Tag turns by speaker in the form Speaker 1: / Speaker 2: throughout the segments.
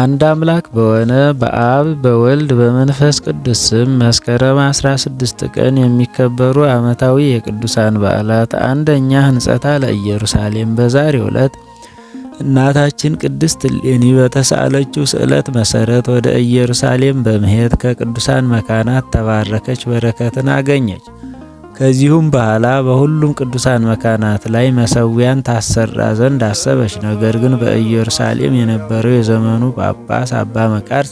Speaker 1: አንድ አምላክ በሆነ በአብ በወልድ በመንፈስ ቅዱስ ስም መስከረም 16 ቀን የሚከበሩ ዓመታዊ የቅዱሳን በዓላት፣ አንደኛ ሕንጸታ ለኢየሩሳሌም። በዛሬው ዕለት እናታችን ቅድስት እሌኒ በተሳለችው ስዕለት መሰረት ወደ ኢየሩሳሌም በመሄድ ከቅዱሳን መካናት ተባረከች፣ በረከትን አገኘች። ከዚሁም በኋላ በሁሉም ቅዱሳን መካናት ላይ መሰዊያን ታሰራ ዘንድ አሰበች። ነገር ግን በኢየሩሳሌም የነበረው የዘመኑ ጳጳስ አባ መቃርስ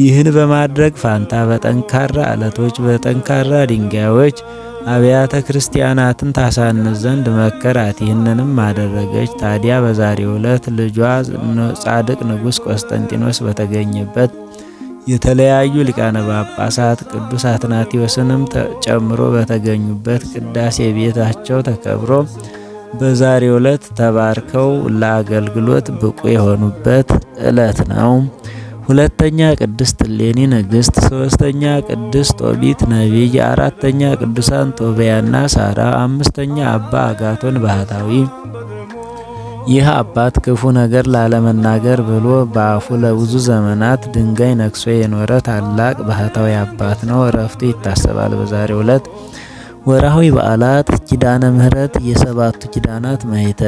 Speaker 1: ይህን በማድረግ ፋንታ በጠንካራ አለቶች፣ በጠንካራ ድንጋዮች አብያተ ክርስቲያናትን ታሳንስ ዘንድ መከራት። ይህንንም አደረገች። ታዲያ በዛሬው ዕለት ልጇ ጻድቅ ንጉሥ ቆስጠንጢኖስ በተገኘበት የተለያዩ ሊቃነ ጳጳሳት ቅዱስ አትናቴዎስንም ጨምሮ በተገኙበት ቅዳሴ ቤታቸው ተከብሮ በዛሬ ዕለት ተባርከው ለአገልግሎት ብቁ የሆኑበት ዕለት ነው። ሁለተኛ ቅድስት እሌኒ ንግሥት፣ ሶስተኛ ቅድስት ጦቢት ነቢይ፣ አራተኛ ቅዱሳን ጦቢያና ሳራ፣ አምስተኛ አባ አጋቶን ባህታዊ ይህ አባት ክፉ ነገር ላለመናገር ብሎ በአፉ ለብዙ ዘመናት ድንጋይ ነክሶ የኖረ ታላቅ ባህታዊ አባት ነው። እረፍቱ ይታሰባል። በዛሬው ዕለት ወርሃዊ በዓላት ኪዳነ ምሕረት የሰባቱ ኪዳናት ማይተ።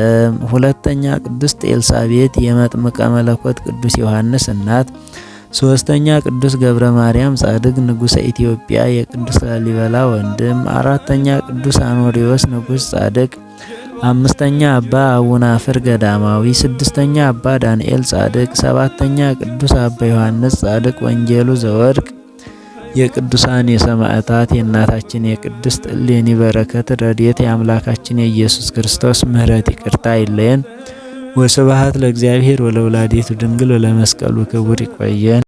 Speaker 1: ሁለተኛ ቅድስት ኤልሳቤት የመጥምቀ መለኮት ቅዱስ ዮሐንስ እናት፣ ሶስተኛ ቅዱስ ገብረ ማርያም ጻድቅ ንጉሠ ኢትዮጵያ የቅዱስ ላሊበላ ወንድም፣ አራተኛ ቅዱስ አኖሪዎስ ንጉስ ጻድቅ አምስተኛ አባ አፍር ገዳማዊ፣ ስድስተኛ አባ ዳንኤል ጻድቅ፣ ሰባተኛ ቅዱስ አባ ዮሐንስ ጻድቅ ወንጌሉ ዘወርቅ። የቅዱሳን የሰማዕታት የእናታችን የቅድስት እሌኒ በረከት ረድኤት የአምላካችን የኢየሱስ ክርስቶስ ምሕረት ይቅርታ አይለየን። ወስብሐት ለእግዚአብሔር ወለወላዲቱ ድንግል ወለመስቀሉ ክቡር። ይቆየን።